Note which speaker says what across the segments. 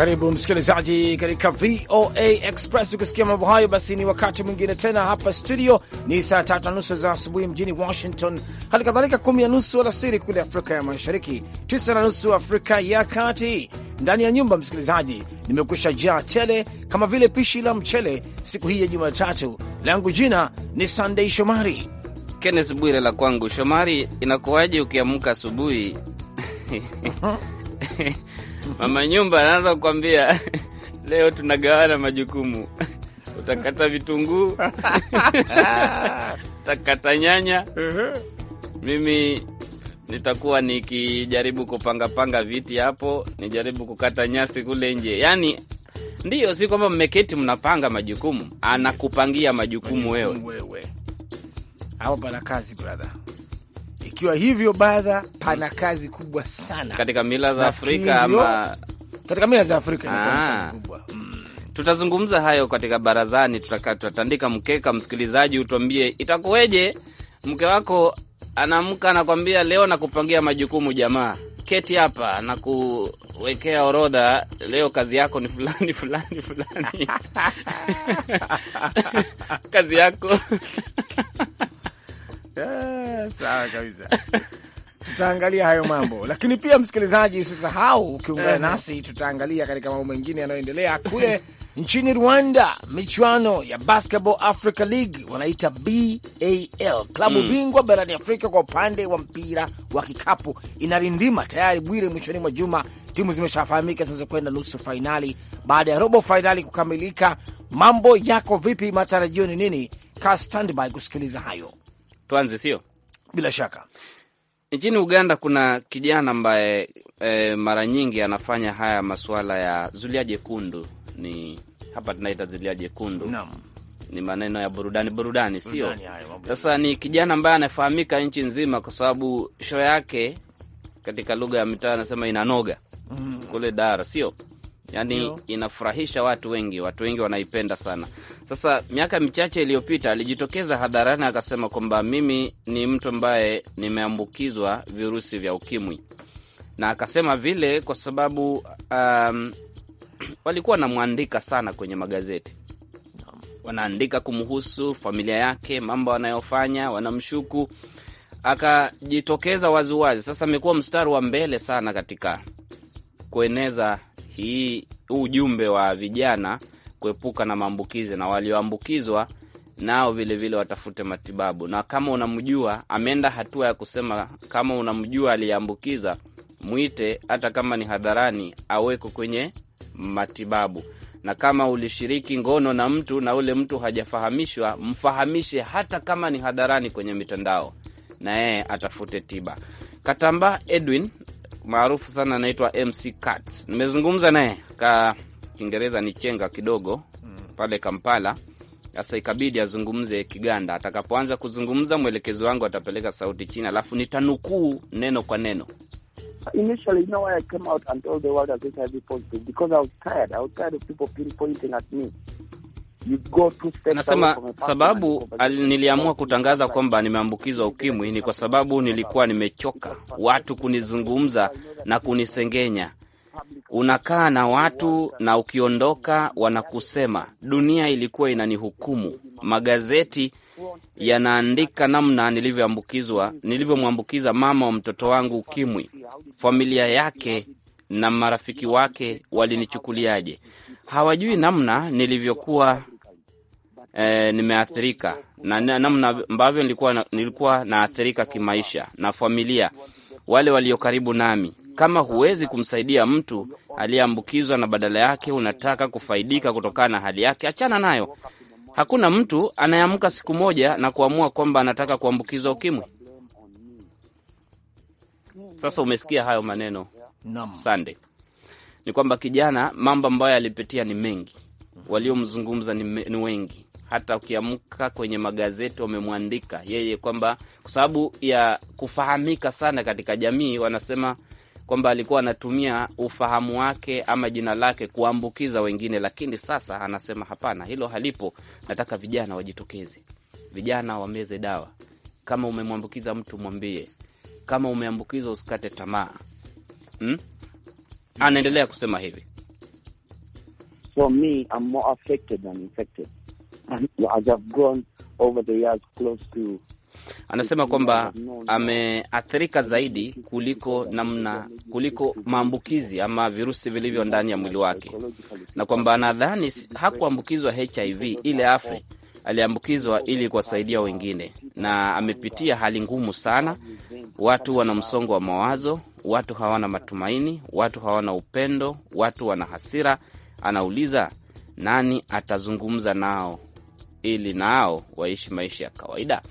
Speaker 1: Karibu msikilizaji katika VOA Express. Ukisikia mambo hayo, basi ni wakati mwingine tena hapa studio. Ni saa tatu na nusu za asubuhi mjini Washington, hali kadhalika kumi na nusu alasiri kule Afrika ya Mashariki, tisa na nusu Afrika ya Kati. Ndani ya nyumba, msikilizaji, nimekwisha jaa tele kama vile pishi la mchele siku hii ya Jumatatu. Langu jina ni Sandei
Speaker 2: Shomari, Kennes Bwire la kwangu. Shomari, inakuwaje ukiamka asubuhi mama nyumba anaanza kukwambia leo tunagawana majukumu, utakata vitunguu utakata nyanya, mimi nitakuwa nikijaribu kupangapanga viti hapo, nijaribu kukata nyasi kule nje. Yani ndiyo, si kwamba mmeketi mnapanga majukumu, anakupangia majukumu wewe.
Speaker 3: Wewe
Speaker 1: hapo pana kazi brother. Ikiwa hivyo badha, pana kazi kubwa sana katika mila za Afrika ama... katika mila za Afrika ah. kazi
Speaker 2: kubwa mm. tutazungumza hayo katika barazani. Tutatandika mkeka, msikilizaji, utuambie itakuweje mke wako anaamka anakwambia, leo nakupangia majukumu jamaa, keti hapa na kuwekea orodha, leo kazi yako ni fulani fulani fulani kazi yako
Speaker 1: Eh, sawa kabisa. Tutaangalia hayo mambo lakini pia msikilizaji, usisahau ukiungana nasi, tutaangalia katika mambo mengine yanayoendelea kule nchini Rwanda, michuano ya Basketball Africa League wanaita BAL, klabu mm. bingwa barani Afrika kwa upande wa mpira wa kikapu inarindima tayari. Bwire, mwishoni mwa juma timu zimeshafahamika zinazokwenda nusu fainali baada ya robo fainali kukamilika. Mambo yako vipi? Matarajio ni nini? Kaa standby kusikiliza
Speaker 2: hayo tuanze, sio? Bila shaka nchini Uganda kuna kijana ambaye e, mara nyingi anafanya haya masuala ya zulia jekundu, ni hapa tunaita zulia jekundu no. Ni maneno ya burudani burudani, sio? Sasa ni kijana ambaye anafahamika nchi nzima kwa sababu show yake katika lugha ya mitaa anasema inanoga mm. kule Dara, sio? yani inafurahisha watu wengi, watu wengi wanaipenda sana. Sasa miaka michache iliyopita alijitokeza hadharani akasema kwamba mimi ni mtu ambaye nimeambukizwa virusi vya ukimwi, na akasema vile kwa sababu um, walikuwa wanamwandika sana kwenye magazeti, wanaandika kumhusu familia yake, mambo anayofanya, wanamshuku. Akajitokeza waziwazi. Sasa amekuwa mstari wa mbele sana katika kueneza hii ujumbe wa vijana kuepuka na maambukizi na walioambukizwa nao vilevile watafute matibabu, na kama unamjua, ameenda hatua ya kusema kama unamjua aliyeambukiza mwite, hata kama ni hadharani, aweko kwenye matibabu. Na kama ulishiriki ngono na mtu na ule mtu hajafahamishwa, mfahamishe, hata kama ni hadharani, kwenye mitandao, na yeye atafute tiba. Katamba Edwin maarufu sana anaitwa MC cat Nimezungumza naye ka Kiingereza ni chenga kidogo hmm. pale Kampala. Sasa ikabidi azungumze Kiganda. Atakapoanza kuzungumza, mwelekezi wangu atapeleka sauti chini, alafu nitanukuu neno kwa neno.
Speaker 3: Initially, you know
Speaker 2: Nasema sababu niliamua kutangaza kwamba nimeambukizwa ukimwi ni kwa sababu nilikuwa nimechoka watu kunizungumza na kunisengenya. Unakaa na watu na ukiondoka wanakusema. Dunia ilikuwa inanihukumu, magazeti yanaandika namna nilivyoambukizwa, nilivyomwambukiza mama wa mtoto wangu ukimwi, familia yake na marafiki wake walinichukuliaje. Hawajui namna nilivyokuwa e, nimeathirika na namna ambavyo nilikuwa, nilikuwa naathirika kimaisha na familia, wale walio karibu nami. Kama huwezi kumsaidia mtu aliyeambukizwa na badala yake unataka kufaidika kutokana na hali yake, achana nayo. Hakuna mtu anayeamka siku moja na kuamua kwamba anataka kuambukizwa ukimwi. Sasa umesikia hayo maneno Sande, ni kwamba kijana, mambo ambayo alipitia ni mengi, waliomzungumza ni, ni wengi hata ukiamka kwenye magazeti wamemwandika yeye kwamba kwa sababu ya kufahamika sana katika jamii, wanasema kwamba alikuwa anatumia ufahamu wake ama jina lake kuambukiza wengine, lakini sasa anasema hapana, hilo halipo. Nataka vijana wajitokeze, vijana wameze dawa. Kama umemwambukiza mtu mwambie, kama umeambukizwa usikate tamaa hmm? Anaendelea kusema hivi
Speaker 1: so me,
Speaker 4: I'm more affected than infected as I've over the years close
Speaker 2: to Anasema kwamba ameathirika zaidi kuliko namna kuliko maambukizi ama virusi vilivyo ndani ya mwili wake, na kwamba anadhani hakuambukizwa HIV ile afe, aliambukizwa ili kuwasaidia wengine, na amepitia hali ngumu sana. Watu wana msongo wa mawazo, watu hawana matumaini, watu hawana upendo, watu wana hasira. Anauliza, nani atazungumza nao ili nao waishi maisha ya kawaida.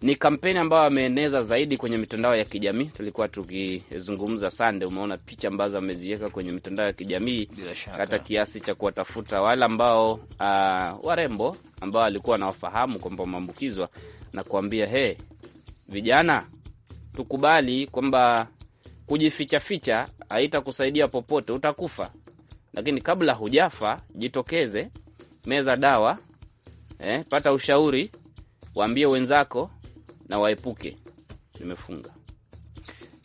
Speaker 2: Ni kampeni ambayo ameeneza zaidi kwenye mitandao ya kijamii. Tulikuwa tukizungumza Sande, umeona picha ambazo ameziweka kwenye mitandao ya kijamii, hata kiasi cha kuwatafuta wale ambao uh, warembo ambao alikuwa anawafahamu kwamba wameambukizwa na kuambia he, vijana tukubali kwamba kujifichaficha haitakusaidia popote, utakufa. Lakini kabla hujafa jitokeze, meza dawa eh, pata ushauri, waambie wenzako na waepuke. Nimefunga.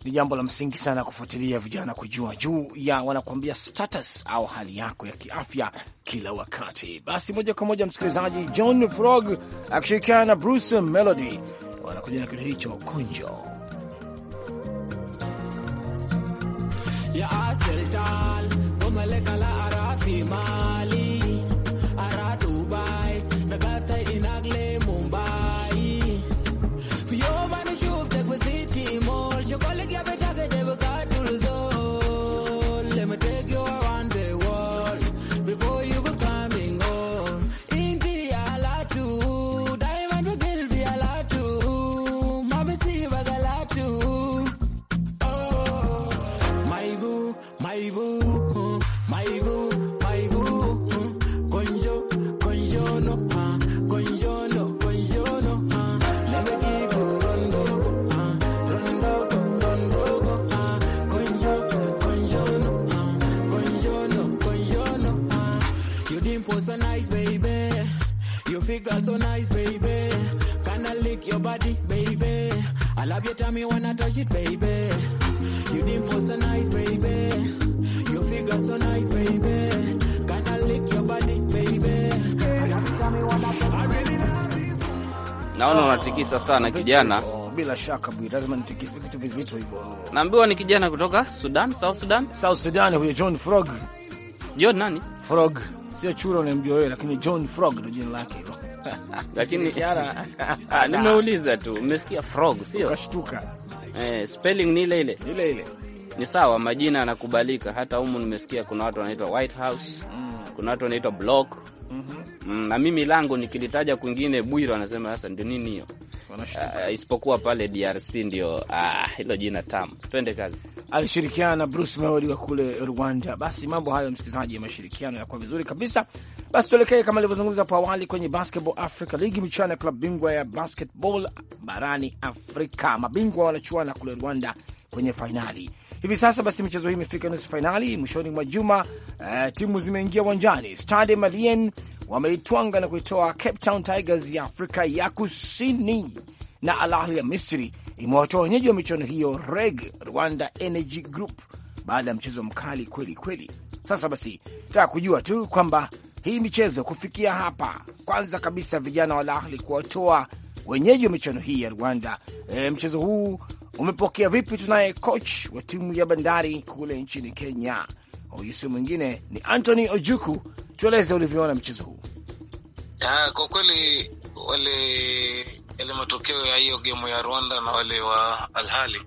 Speaker 1: Ni jambo la msingi sana kufuatilia vijana kujua juu ya wanakuambia status au hali yako ya kiafya kila wakati. Basi moja kwa moja, msikilizaji, John Frog akishirikiana na Bruce Melody wanakuja na kitu hicho konjo ya
Speaker 4: figure so nice, baby. Can I lick your body, baby? I love your tummy when I touch it, baby. You dimple so nice, baby. Your figure so nice, baby. Can I lick your body, baby?
Speaker 2: I love your tummy when I touch it. I really love you so much. Naona unatikisa sana kijana. Oh, bila shaka bwi, lazima nitikise vitu vizito hivyo. Naambiwa ni kijana kutoka Sudan, South Sudan, South Sudan, huyo John Frog ndio nani? Frog. Sio chura
Speaker 1: unamjua wewe, lakini John Frog ndio jina lake hilo. Lakini Kiara,
Speaker 2: ah, nimeuliza tu, umesikia frog sio? Ukashtuka. Eh, spelling ni ile ile. Ile ile. Ni sawa, majina yanakubalika. Hata humu nimesikia kuna watu wanaitwa White House. Mm. Kuna watu wanaitwa Block. Mhm. Mm, na mimi lango nikilitaja kwingine Bwiro anasema sasa ndio nini hiyo? Uh, isipokuwa pale DRC ndio ah, hilo jina tamu. Twende kazi alishirikiana
Speaker 1: na Bruce Melody wa kule Rwanda. Basi mambo hayo, msikilizaji, ya mashirikiano yakuwa vizuri kabisa. Basi tuelekee kama alivyozungumza hapo awali kwenye Basketball Africa League, michuano ya klabu bingwa ya basketball barani Afrika. Mabingwa wanachuana kule Rwanda kwenye fainali hivi sasa. Basi michezo hii imefika nusu fainali mwishoni mwa juma. Uh, timu zimeingia uwanjani. Stade Malien wameitwanga na kuitoa Cape Town Tigers ya Afrika ya Kusini na Al Ahly ya Misri imewatoa wenyeji wa michuano hiyo REG, Rwanda Energy Group, baada ya mchezo mkali kweli kweli. Sasa basi, taka kujua tu kwamba hii michezo kufikia hapa, kwanza kabisa vijana wa Al kuwatoa wenyeji wa michuano hii ya Rwanda. E, mchezo huu umepokea vipi? Tunaye coach wa timu ya Bandari kule nchini Kenya, huyu si mwingine ni Anthony Ojuku. Tueleze ulivyoona mchezo huu.
Speaker 5: Ah, kwa kweli wale yale matokeo ya hiyo gemu ya Rwanda na wale wa Alhali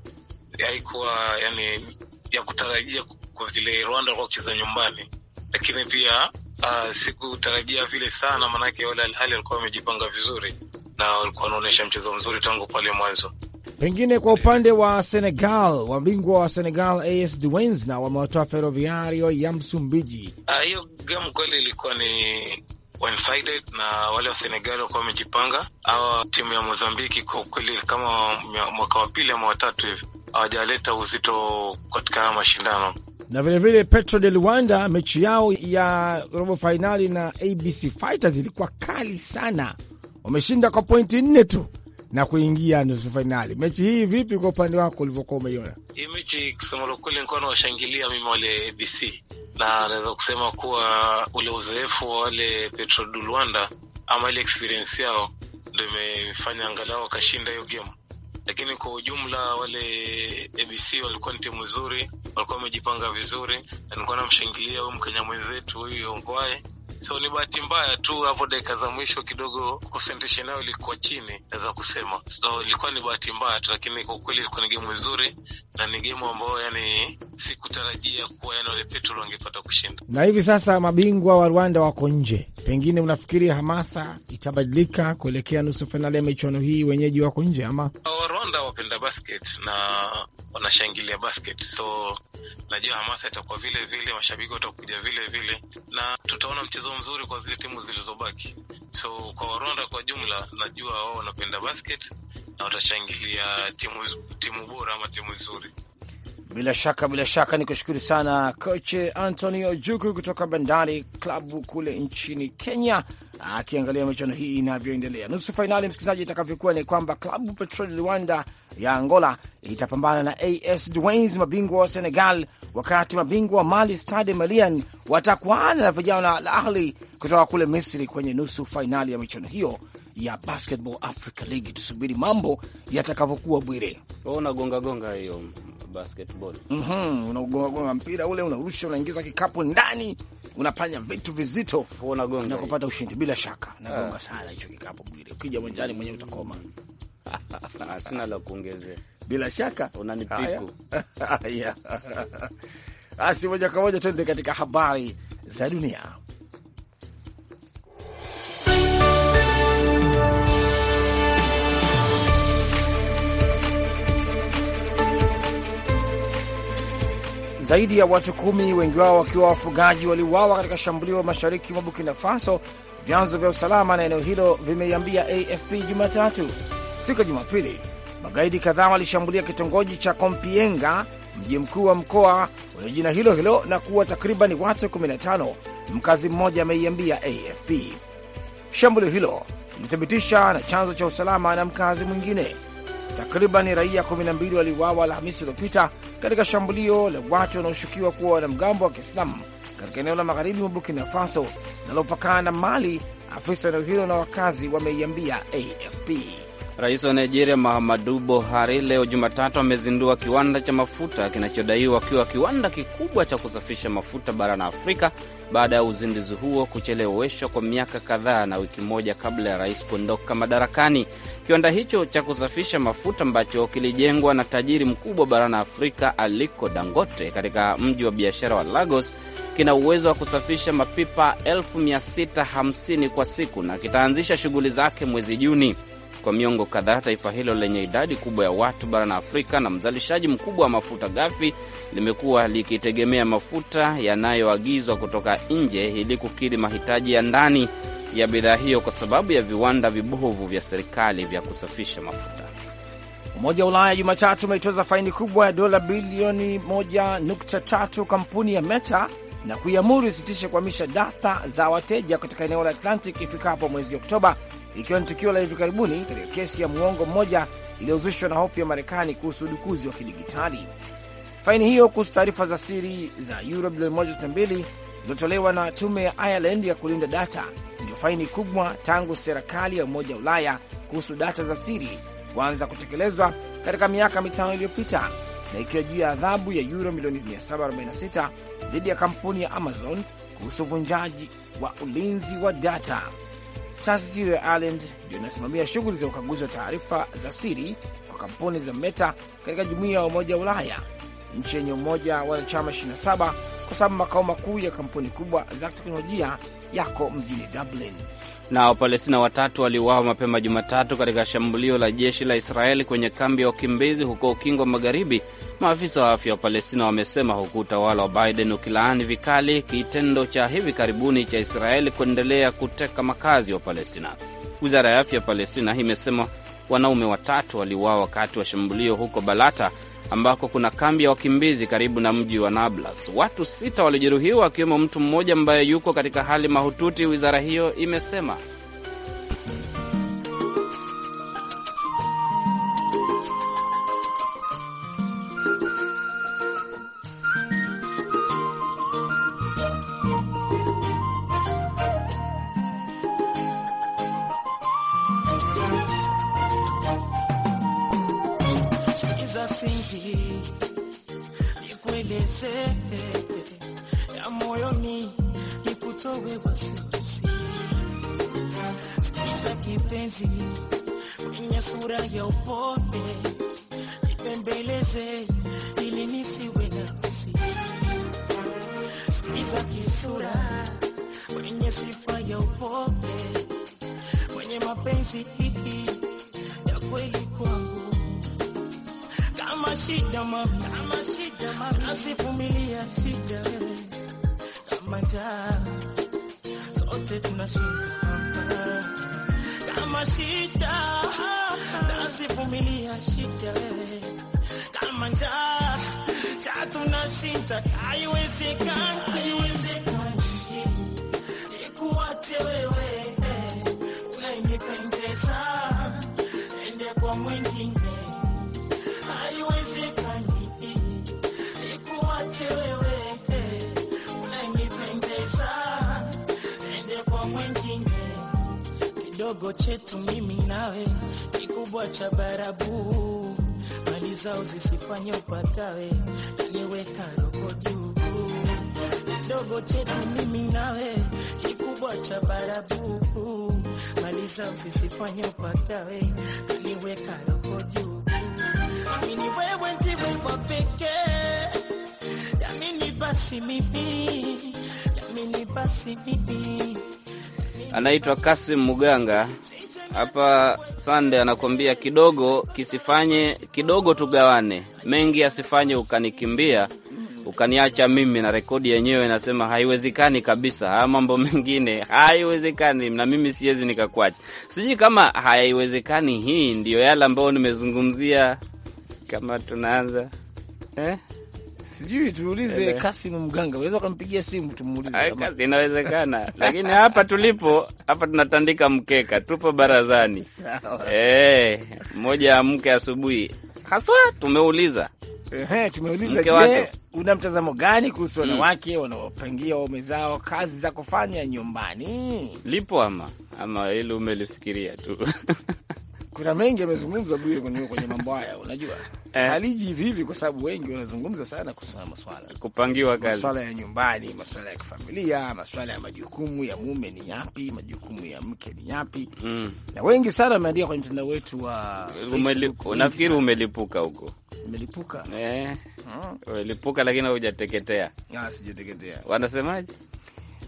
Speaker 5: haikuwa yani ya kutarajia kwa vile Rwanda kwa kucheza nyumbani, lakini pia uh, sikutarajia vile sana, maanake wale Alhali walikuwa wamejipanga vizuri na walikuwa wanaonyesha mchezo mzuri tangu pale mwanzo.
Speaker 1: Pengine kwa upande wa Senegal, wabingwa wa Senegal AS Douanes na wamewatoa Ferroviario ya Msumbiji.
Speaker 5: Ah, hiyo uh, game kweli ilikuwa ni one na wale wa Senegali wakuwa wamejipanga. Hawa timu ya Mozambiki kwa ukweli, kama mwaka wa pili ama watatu hivi hawajaleta uzito katika haya mashindano
Speaker 1: na vilevile vile Petro de Luanda, mechi yao ya robo fainali na ABC Fighters ilikuwa kali sana, wameshinda kwa pointi nne tu na kuingia nusu fainali. Mechi hii vipi kwa upande wako ulivyokuwa umeiona
Speaker 5: hii mechi? Kusema lukweli, nikuwa nawashangilia mimi wale ABC na naweza kusema kuwa ule uzoefu wa wale Petro du Luanda ama ile experience yao ndo imefanya angalau wakashinda hiyo game, lakini kwa ujumla wale ABC walikuwa ni timu nzuri, walikuwa wamejipanga vizuri, na nilikuwa namshangilia huyu Mkenya mwenzetu huyu Ongwae So ni bahati mbaya tu hapo, dakika za mwisho kidogo concentration yao ilikuwa chini, naweza kusema so ilikuwa ni bahati mbaya tu, lakini kwa kweli ilikuwa ni gemu nzuri na ni gemu ambayo yani sikutarajia kuwa yani wale Petro wangepata kushinda.
Speaker 1: Na hivi sasa mabingwa wa Rwanda wako nje, pengine unafikiri hamasa itabadilika kuelekea nusu fainali ya michuano hii? Wenyeji wako nje ama
Speaker 5: Warwanda wapenda basket na wanashangilia basket, so najua hamasa itakuwa vile vile, mashabiki watakuja vile vile na tutaona mchezo mzuri kwa zile timu zilizobaki. So kwa Warwanda kwa jumla, najua wao wanapenda basket na watashangilia timu, timu bora ama timu nzuri.
Speaker 1: Bila shaka bila shaka, ni kushukuru sana Coach Antonio Ojuku kutoka Bandari Klabu kule nchini Kenya akiangalia michuano hii inavyoendelea. Nusu fainali msikilizaji, itakavyokuwa ni kwamba klabu Petrol Luanda ya Angola itapambana na AS Douanes, mabingwa wa Senegal, wakati mabingwa wa Mali Stade Malien watakuana na vijana la Ahli kutoka kule Misri kwenye nusu fainali ya michuano hiyo ya Basketball Africa League. Tusubiri mambo yatakavyokuwa, Bwire.
Speaker 2: Oh, unagongagonga hiyo basketball,
Speaker 1: mhm, unagongagonga mpira ule, unarusha unaingiza kikapu ndani unafanya vitu vizito na kupata ushindi bila shaka. Nagonga ah. sana hicho kikapo Bwire, ukija mwanjani mwenyewe utakoma. Sina la kuongezea, bila shaka unanipiku. Basi moja kwa moja tuende katika habari za dunia. Zaidi ya watu kumi, wengi wao wakiwa wafugaji, waliuawa katika shambulio mashariki mwa Burkina Faso, vyanzo vya usalama na eneo hilo vimeiambia AFP Jumatatu. Siku ya Jumapili, magaidi kadhaa walishambulia kitongoji cha Kompienga, mji mkuu wa mkoa wenye jina hilo hilo na kuwa takriban watu 15, mkazi mmoja ameiambia AFP. Shambulio hilo lilithibitisha na chanzo cha usalama na mkazi mwingine Takriban raia 12 waliuawa Alhamisi iliyopita katika shambulio la watu wanaoshukiwa kuwa wanamgambo wa Kiislamu katika eneo la magharibi mwa Burkina Faso linalopakana na Mali. Afisa eneo hilo na wakazi wameiambia AFP.
Speaker 2: Rais wa Nigeria Muhammadu Buhari leo Jumatatu amezindua kiwanda cha mafuta kinachodaiwa kiwa kiwanda kikubwa cha kusafisha mafuta barani Afrika baada ya uzinduzi huo kucheleweshwa kwa miaka kadhaa na wiki moja kabla ya rais kuondoka madarakani. Kiwanda hicho cha kusafisha mafuta ambacho kilijengwa na tajiri mkubwa barani Afrika Aliko Dangote katika mji wa biashara wa Lagos kina uwezo wa kusafisha mapipa 650 kwa siku na kitaanzisha shughuli zake mwezi Juni. Kwa miongo kadhaa, taifa hilo lenye idadi kubwa ya watu barani Afrika na mzalishaji mkubwa wa mafuta ghafi limekuwa likitegemea mafuta yanayoagizwa kutoka nje ili kukidhi mahitaji ya ndani ya bidhaa hiyo kwa sababu ya viwanda vibovu vya serikali vya kusafisha mafuta.
Speaker 1: Umoja wa Ulaya Jumatatu umeitoza faini kubwa ya dola bilioni 1.3 kampuni ya Meta na kuiamuru isitishe kuhamisha dasta za wateja katika eneo la Atlantic ifikapo mwezi Oktoba, ikiwa ni tukio la hivi karibuni katika kesi ya muongo mmoja iliyozushwa na hofu ya Marekani kuhusu udukuzi wa kidigitali. Faini hiyo kuhusu taarifa za siri za euro bilioni 1.2 iliyotolewa na tume ya Ireland ya kulinda data ndiyo faini kubwa tangu serikali ya Umoja wa Ulaya kuhusu data za siri kuanza kutekelezwa katika miaka mitano iliyopita na ikiwa juu ya adhabu ya yuro milioni 746 dhidi ya kampuni ya Amazon kuhusu uvunjaji wa ulinzi wa data. Taasisi hiyo ya Ireland ndio inasimamia shughuli za ukaguzi wa taarifa za siri kwa kampuni za Meta katika jumuiya ya Umoja wa Ulaya, nchi yenye umoja wa wanachama 27 kwa sababu makao makuu ya kampuni kubwa za teknolojia yako mjini Dublin
Speaker 2: na Wapalestina watatu waliuawa mapema Jumatatu katika shambulio la jeshi la Israeli kwenye kambi ya wakimbizi huko Ukingo wa Magharibi, maafisa wa afya wa Palestina wamesema, huku utawala wa Biden ukilaani vikali kitendo cha hivi karibuni cha Israeli kuendelea kuteka makazi wa Palestina. Wizara ya afya ya Palestina imesema wanaume watatu waliuawa wakati wa shambulio huko Balata, ambako kuna kambi ya wakimbizi karibu na mji wa Nablus. Watu sita walijeruhiwa, akiwemo mtu mmoja ambaye yuko katika hali mahututi, wizara hiyo imesema.
Speaker 4: kama shida mama, kama shida mama, asivumilia shida kama njaa, sote tuna kama shida asivumilia shida kama njaa, cha tuna haiwezekani, haiwezekani ikuache wewe kidogo chetu mimi nawe, kikubwa cha barabu, mali zao zisifanye upagawe, niliweka roho juu. Kidogo chetu mimi nawe, kikubwa cha barabu, mali zao zisifanye upagawe, niliweka roho juu. Mimi wewe ndiwe kwa pekee, yamini basi mimi, yamini basi mimi
Speaker 2: anaitwa Kasim Muganga hapa Sande, anakuambia kidogo kisifanye kidogo, tugawane mengi asifanye, ukanikimbia ukaniacha mimi na rekodi yenyewe inasema haiwezekani kabisa. Haya mambo mengine haiwezekani, na mimi siwezi nikakuacha. Sijui kama haiwezekani hii ndiyo yale ambayo nimezungumzia, kama tunaanza eh? Sijui
Speaker 1: tuulize Kasimu Mganga, unaweza ukampigia simu tumuulize.
Speaker 2: Inawezekana, lakini hapa tulipo hapa tunatandika mkeka, tupo barazani eh, mmoja amke asubuhi haswa, tumeuliza
Speaker 1: Ehe, tumeuliza je, una mtazamo gani kuhusu hmm. wanawake mm, wanaopangia waume zao kazi za kufanya nyumbani?
Speaker 2: Lipo ama ama ili umelifikiria tu
Speaker 1: kuna mengi amezungumza Bwire kwenye mambo haya, unajua
Speaker 2: eh, haliji hivi hivi, kwa sababu wengi wanazungumza sana kuhusiana maswala kupangiwa kazi, maswala ya
Speaker 1: nyumbani, maswala ya kifamilia, maswala ya majukumu ya mume ni yapi, majukumu ya mke ni yapi mm. na wengi sana wameandika kwenye mtandao wetu wa unafikiri
Speaker 2: umelipuka huko,
Speaker 1: umelipuka eh,
Speaker 2: hmm. umelipuka lakini haujateketea. Ah, sijateketea, wanasemaje?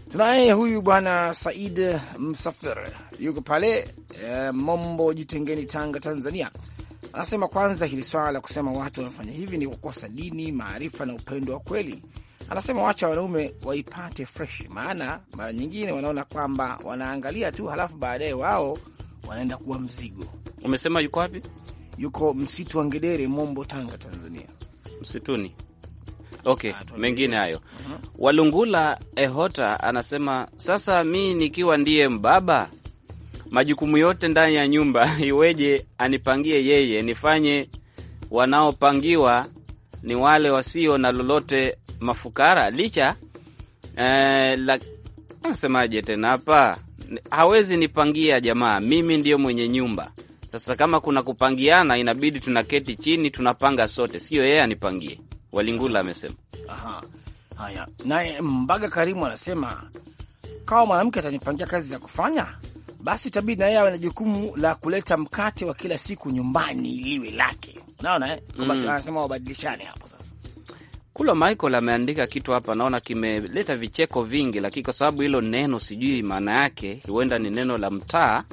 Speaker 1: Tunaye huyu bwana Said Msafir, yuko pale e, Mombo Jitengeni, Tanga, Tanzania. Anasema kwanza hili swala la kusema watu wanafanya hivi ni kukosa dini, maarifa na upendo wa kweli. Anasema wacha wanaume waipate fresh, maana mara nyingine wanaona kwamba wanaangalia tu, halafu baadaye wao wanaenda kuwa mzigo.
Speaker 2: Umesema yuko wapi? Yuko msitu
Speaker 1: wa Ngedere, Mombo, Tanga, Tanzania.
Speaker 2: Msituni okay, mengine hayo uh -huh. Walungula Ehota anasema sasa, mi nikiwa ndiye mbaba, majukumu yote ndani ya nyumba iweje? Anipangie yeye, nifanye wanaopangiwa ni wale wasio na lolote, mafukara licha eh, la, tena hapa, hawezi nipangia jamaa, mimi ndiyo mwenye nyumba. Sasa kama kuna kupangiana, inabidi tunaketi chini tunapanga sote, sio yeye anipangie. Walingula amesema.
Speaker 1: Aha. Haya, naye Mbaga Karimu anasema kama mwanamke atanipangia kazi za kufanya, basi itabidi na yeye awe na jukumu la kuleta mkate wa kila siku nyumbani liwe
Speaker 2: lake. Naona eh? Mm. Anasema
Speaker 1: wabadilishane hapo sasa.
Speaker 2: Kulo Michael ameandika kitu hapa, naona kimeleta vicheko vingi, lakini kwa sababu hilo neno sijui maana yake, huenda ni neno la mtaa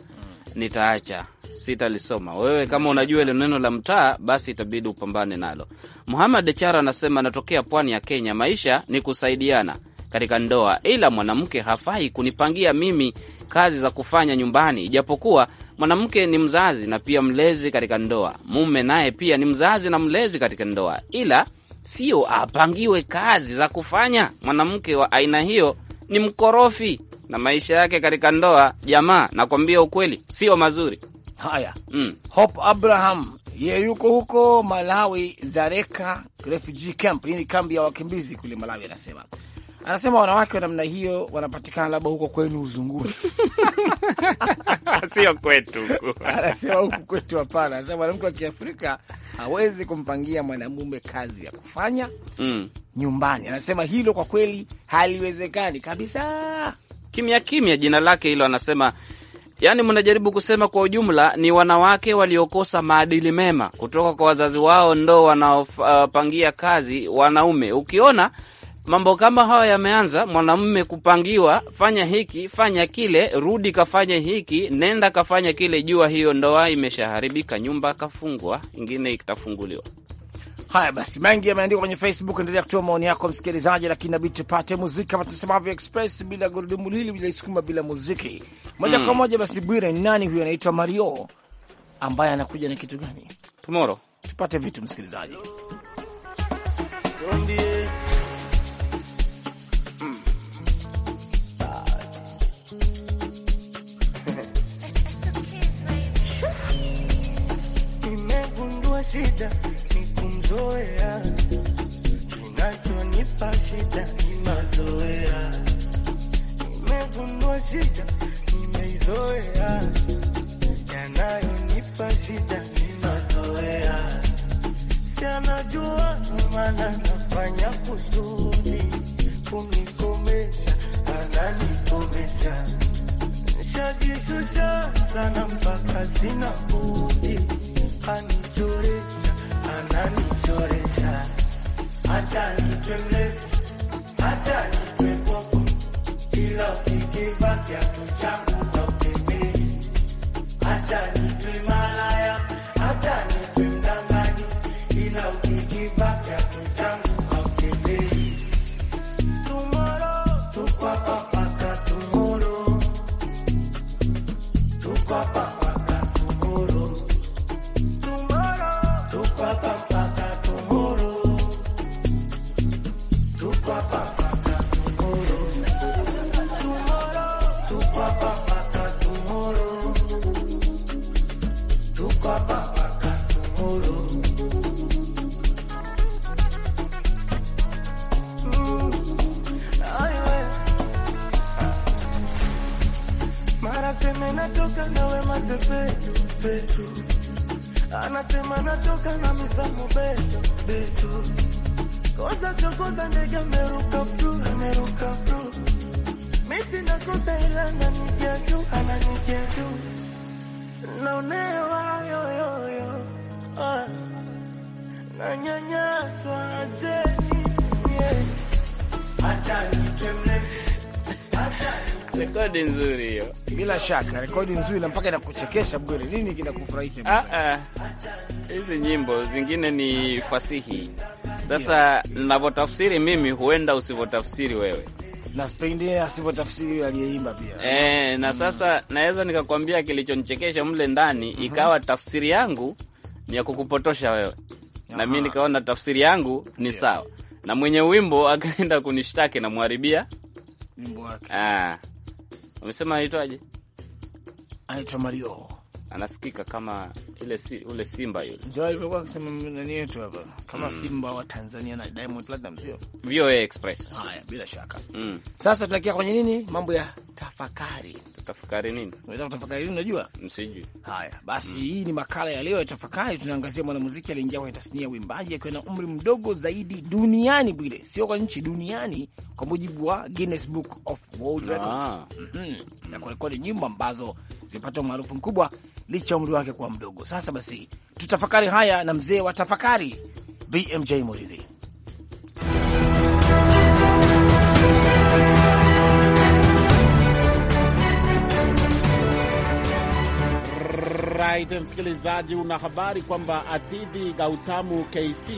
Speaker 2: nitaacha sitalisoma. Wewe kama unajua ile neno la mtaa, basi itabidi upambane nalo. Muhamad Chara anasema anatokea pwani ya Kenya. Maisha ni kusaidiana katika ndoa, ila mwanamke hafai kunipangia mimi kazi za kufanya nyumbani, ijapokuwa mwanamke ni mzazi na pia mlezi katika ndoa. Mume naye pia ni mzazi na mlezi katika ndoa, ila sio apangiwe kazi za kufanya. Mwanamke wa aina hiyo ni mkorofi na maisha yake katika ndoa, jamaa, nakwambia ukweli sio mazuri. Haya, mm. Hope Abraham
Speaker 1: ye yuko huko Malawi, Zareka refugee camp. Hii ni kambi ya wakimbizi kule Malawi. Anasema anasema wanawake wa namna hiyo wanapatikana labda huko kwenu uzunguni,
Speaker 2: sio kwetu Anasema huku
Speaker 1: kwetu hapana. Anasema mwanamke wa Kiafrika hawezi kumpangia mwanamume kazi ya kufanya mm. nyumbani. Anasema hilo kwa kweli haliwezekani kabisa
Speaker 2: kimya kimya, jina lake hilo, anasema yaani mnajaribu kusema kwa ujumla ni wanawake waliokosa maadili mema kutoka kwa wazazi wao, ndo wanaopangia kazi wanaume. Ukiona mambo kama hayo yameanza, mwanamume kupangiwa, fanya hiki, fanya kile, rudi kafanya hiki, nenda kafanya kile, jua hiyo ndoa imeshaharibika, nyumba kafungwa ingine itafunguliwa.
Speaker 1: Haya basi, mengi yameandikwa kwenye Facebook. Endelea kutoa maoni yako msikilizaji, lakini nabidi tupate muziki kama tusemavyo Express, bila gurudumu hili lilisukuma bila muziki moja mm. kwa moja. Basi Bwire, nani huyu anaitwa Mario ambaye anakuja na kitu gani Tumoro Tupate vitu msikilizaji
Speaker 4: mazoea, kinachonipa shida ni mazoea. Nimegundua shida nimeizoea, yanayonipa shida ni mazoea. Sianajua maana nafanya kusudi kunikomesha, ananikomesha shajishusha sana mpaka sina budi, anichoresha anani changu guapa.
Speaker 1: shaka rekodi nzuri na mpaka inakuchekesha bure. Nini kinakufurahisha?
Speaker 2: Ah, ah. hizi nyimbo zingine ni fasihi. Sasa ninavyotafsiri mimi, huenda usivyotafsiri wewe
Speaker 1: na spende asivyotafsiri aliyeimba pia
Speaker 2: e, na sasa -hmm. Naweza nikakwambia kilichonichekesha mle ndani mm -hmm. Ikawa tafsiri yangu ni ya kukupotosha wewe Aha. Na mi nikaona tafsiri yangu ni yeah. Sawa na mwenye wimbo akaenda kunishtaki na muharibia wimbo wake. Ah, umesema aitwaje?
Speaker 1: anaitwa Mario,
Speaker 2: anasikika kama ile si, ule simba yule,
Speaker 1: ndio alivyokuwa akisema nani
Speaker 2: yetu hapa kama mm. Simba
Speaker 1: wa Tanzania na Diamond Platinum, sio
Speaker 2: VOA Express. Haya, bila shaka mm.
Speaker 1: Sasa tunakia kwenye nini, mambo ya tafakari Tafakari nini? Unataka kutafakari nini? Unajua msijui. Haya basi, mm. hii mm, ni makala ya leo ya tafakari. Tunaangazia mwanamuziki aliingia kwenye tasnia ya uimbaji akiwa na umri mdogo zaidi duniani, Bwile, sio kwa nchi, duniani, kwa mujibu wa Guinness Book of World ah. Records. mm -hmm. na kurekodi nyimbo ambazo zimepata umaarufu mkubwa licha ya umri wake kuwa mdogo. Sasa basi tutafakari haya na mzee wa tafakari BMJ Muridhi.
Speaker 3: Alright, msikilizaji, una habari kwamba atidhi Gautamu KC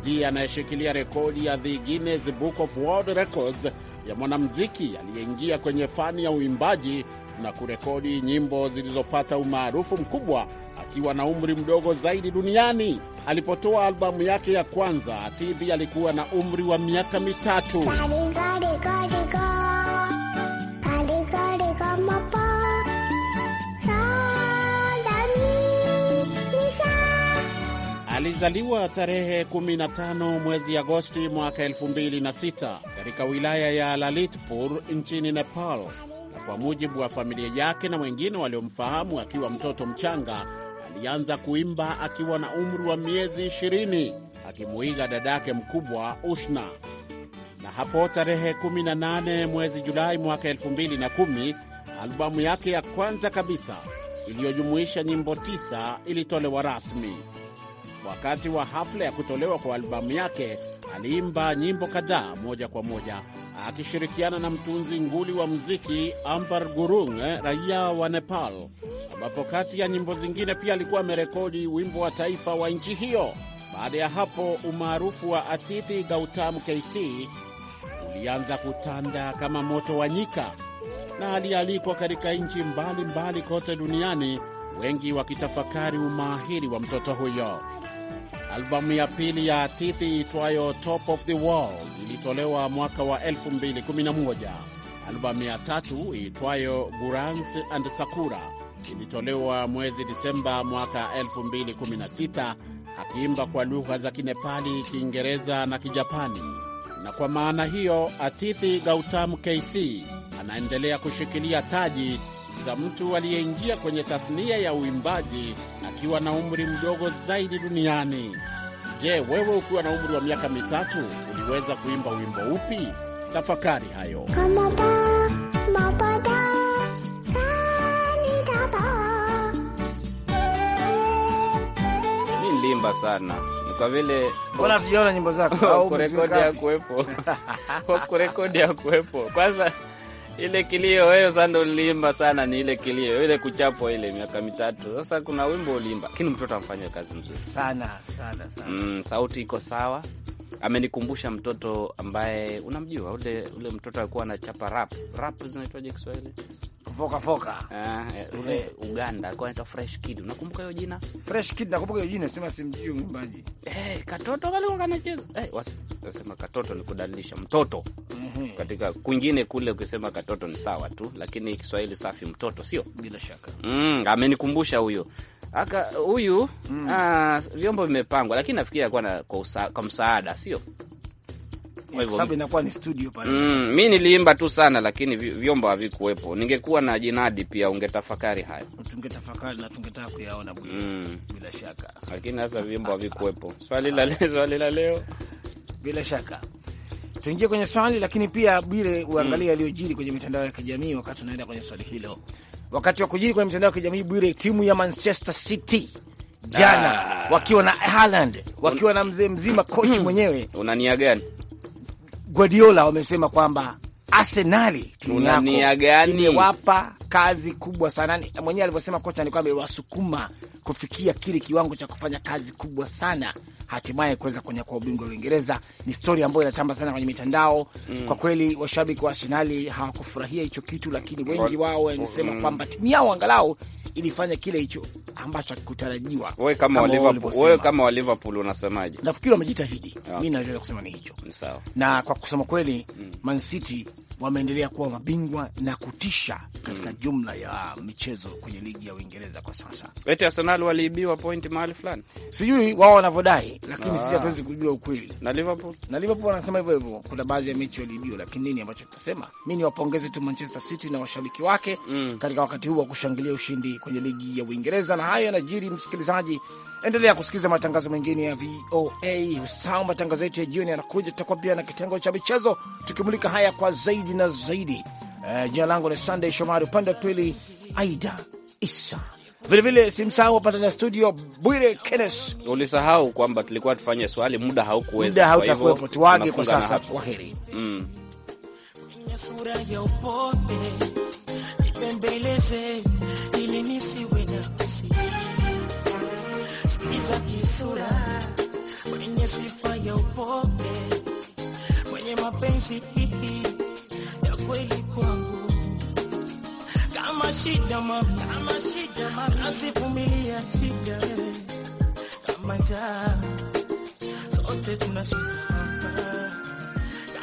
Speaker 3: ndiye anayeshikilia rekodi ya The Guinness Book of World Records ya mwanamuziki aliyeingia kwenye fani ya uimbaji na kurekodi nyimbo zilizopata umaarufu mkubwa akiwa na umri mdogo zaidi duniani. Alipotoa albamu yake ya kwanza, Atidhi alikuwa na umri wa miaka mitatu. Alizaliwa tarehe 15 mwezi Agosti mwaka 2006 katika wilaya ya Lalitpur nchini Nepal, na kwa mujibu wa familia yake na wengine waliomfahamu akiwa mtoto mchanga, alianza kuimba akiwa na umri wa miezi 20 akimuiga dadake mkubwa Ushna. Na hapo tarehe 18 mwezi Julai mwaka 2010 albamu yake ya kwanza kabisa iliyojumuisha nyimbo tisa ilitolewa rasmi. Wakati wa hafla ya kutolewa kwa albamu yake aliimba nyimbo kadhaa moja kwa moja akishirikiana na mtunzi nguli wa muziki Ambar Gurung, eh, raia wa Nepal, ambapo kati ya nyimbo zingine pia alikuwa amerekodi wimbo wa taifa wa nchi hiyo. Baada ya hapo, umaarufu wa Atithi Gautam KC ulianza kutanda kama moto wa nyika, na alialikwa katika nchi mbalimbali kote duniani, wengi wakitafakari umahiri wa mtoto huyo. Albamu ya pili ya Tithi itwayo Top of the World ilitolewa mwaka wa 2011. Albamu ya tatu itwayo Gurans and Sakura ilitolewa mwezi Disemba mwaka 2016, akiimba kwa lugha za Kinepali, Kiingereza na Kijapani. Na kwa maana hiyo Atithi Gautam KC anaendelea kushikilia taji za mtu aliyeingia kwenye tasnia ya uimbaji akiwa na umri mdogo zaidi duniani. Je, wewe ukiwa na umri wa miaka mitatu uliweza kuimba wimbo upi? Tafakari hayo.
Speaker 2: Mi ndimba sana kwa vile mbona tujaona
Speaker 1: nyimbo zako kurekodi ya
Speaker 2: kuwepo kurekodi ya kuwepo kwanza ile kilio wewe sando limba sana, ni ile kilio ile kuchapwa ile miaka mitatu sasa. Kuna wimbo ulimba lakini mtoto amfanya kazi nzuri
Speaker 1: sana sana sana.
Speaker 2: Mm, sauti iko sawa. Amenikumbusha mtoto ambaye unamjua ule ule mtoto alikuwa anachapa rap rap, zinaitwaje Kiswahili? Foka foka. Ah, eh, ule Uganda alikuwa anaitwa Fresh Kid. Unakumbuka hiyo jina?
Speaker 1: Fresh Kid nakumbuka hiyo jina, sema simjui mwimbaji. Eh,
Speaker 2: hey, katoto kale kanacheza. Eh, hey, wasema katoto ni kudalilisha mtoto. Mm -hmm. Katika kwingine kule ukisema katoto ni sawa tu, lakini Kiswahili safi mtoto sio? Bila shaka. Mm, amenikumbusha huyo. Aka huyu mm. Uh, vyombo vimepangwa lakini nafikiri alikuwa kwa, kwa msaada sio? kwa sababu
Speaker 1: inakuwa ni studio pale. Mm, niliimba
Speaker 2: tu sana, lakini vyombo havikuwepo. Ningekuwa na jinadi pia, ungetafakari hayo,
Speaker 1: tungetafakari na tungetaka kuyaona mm, shaka, lakini sasa vyombo
Speaker 2: havikuwepo. Swali la leo, swali la leo,
Speaker 1: bila shaka tuingie kwenye swali, lakini pia bile uangalie mm. yaliyojiri mm, kwenye mitandao ya kijamii wakati unaenda kwenye swali hilo. Wakati wa kujiri kwenye mitandao ya kijamii Bwire, timu ya Manchester City jana, ah, wakiwa na Haaland, wakiwa na mzee mzima kochi mm. mwenyewe,
Speaker 2: unania gani?
Speaker 1: Guardiola wamesema kwamba Arsenali timu yako imewapa kazi kubwa sana. Mwenyewe alivyosema kocha ni kwamba iwasukuma kufikia kile kiwango cha kufanya kazi kubwa sana hatimaye kuweza kunyakua ubingwa wa Uingereza. Ni stori ambayo inatamba sana kwenye mitandao mm. Kwa kweli washabiki wa Arsenali hawakufurahia hicho kitu, lakini wengi wao wanasema mm. kwamba timu yao angalau ilifanya kile hicho ambacho hakikutarajiwa. Wewe kama wa Liverpool, wewe kama
Speaker 2: wa Liverpool unasemaje? Nafikiri
Speaker 1: wamejitahidi, mimi naweza kusema ni hicho,
Speaker 2: na kwa kusema
Speaker 1: kweli mm. Man City wameendelea kuwa mabingwa na kutisha katika mm. jumla ya michezo kwenye
Speaker 2: ligi ya Uingereza kwa sasa. Eti Arsenal waliibiwa point mahali fulani, sijui wao wanavyodai, lakini sisi ah. hatuwezi
Speaker 1: kujua ukweli. Na Liverpool na Liverpool wanasema hivyo hivyo, kuna baadhi ya mechi waliibiwa, lakini nini ambacho tutasema? Mi ni wapongeze tu Manchester City na washabiki wake mm. katika wakati huu wa kushangilia ushindi kwenye ligi ya Uingereza. Na hayo yanajiri, msikilizaji Endelea kusikiliza matangazo mengine ya VOA. Usisahau matangazo yetu ya jioni yanakuja, tutakuwa pia na kitengo cha michezo tukimulika haya kwa zaidi na zaidi. Uh, jina langu ni Sunday Shomari, upande wa pili Aida Isa
Speaker 2: vilevile simsahau hapa na studio Bwire Kennes. Ulisahau kwamba tulikuwa tufanye swali, muda haukuweza, muda hautakuwepo. Tuwage kwa sasa, Kwa heri
Speaker 3: mm.
Speaker 4: sura, mwenye sifa ya upoke, mwenye mapenzi ya kweli kwangu. Kama shida ma, kama shida mama, nasivumilia shida, kama njaa, sote tunashinda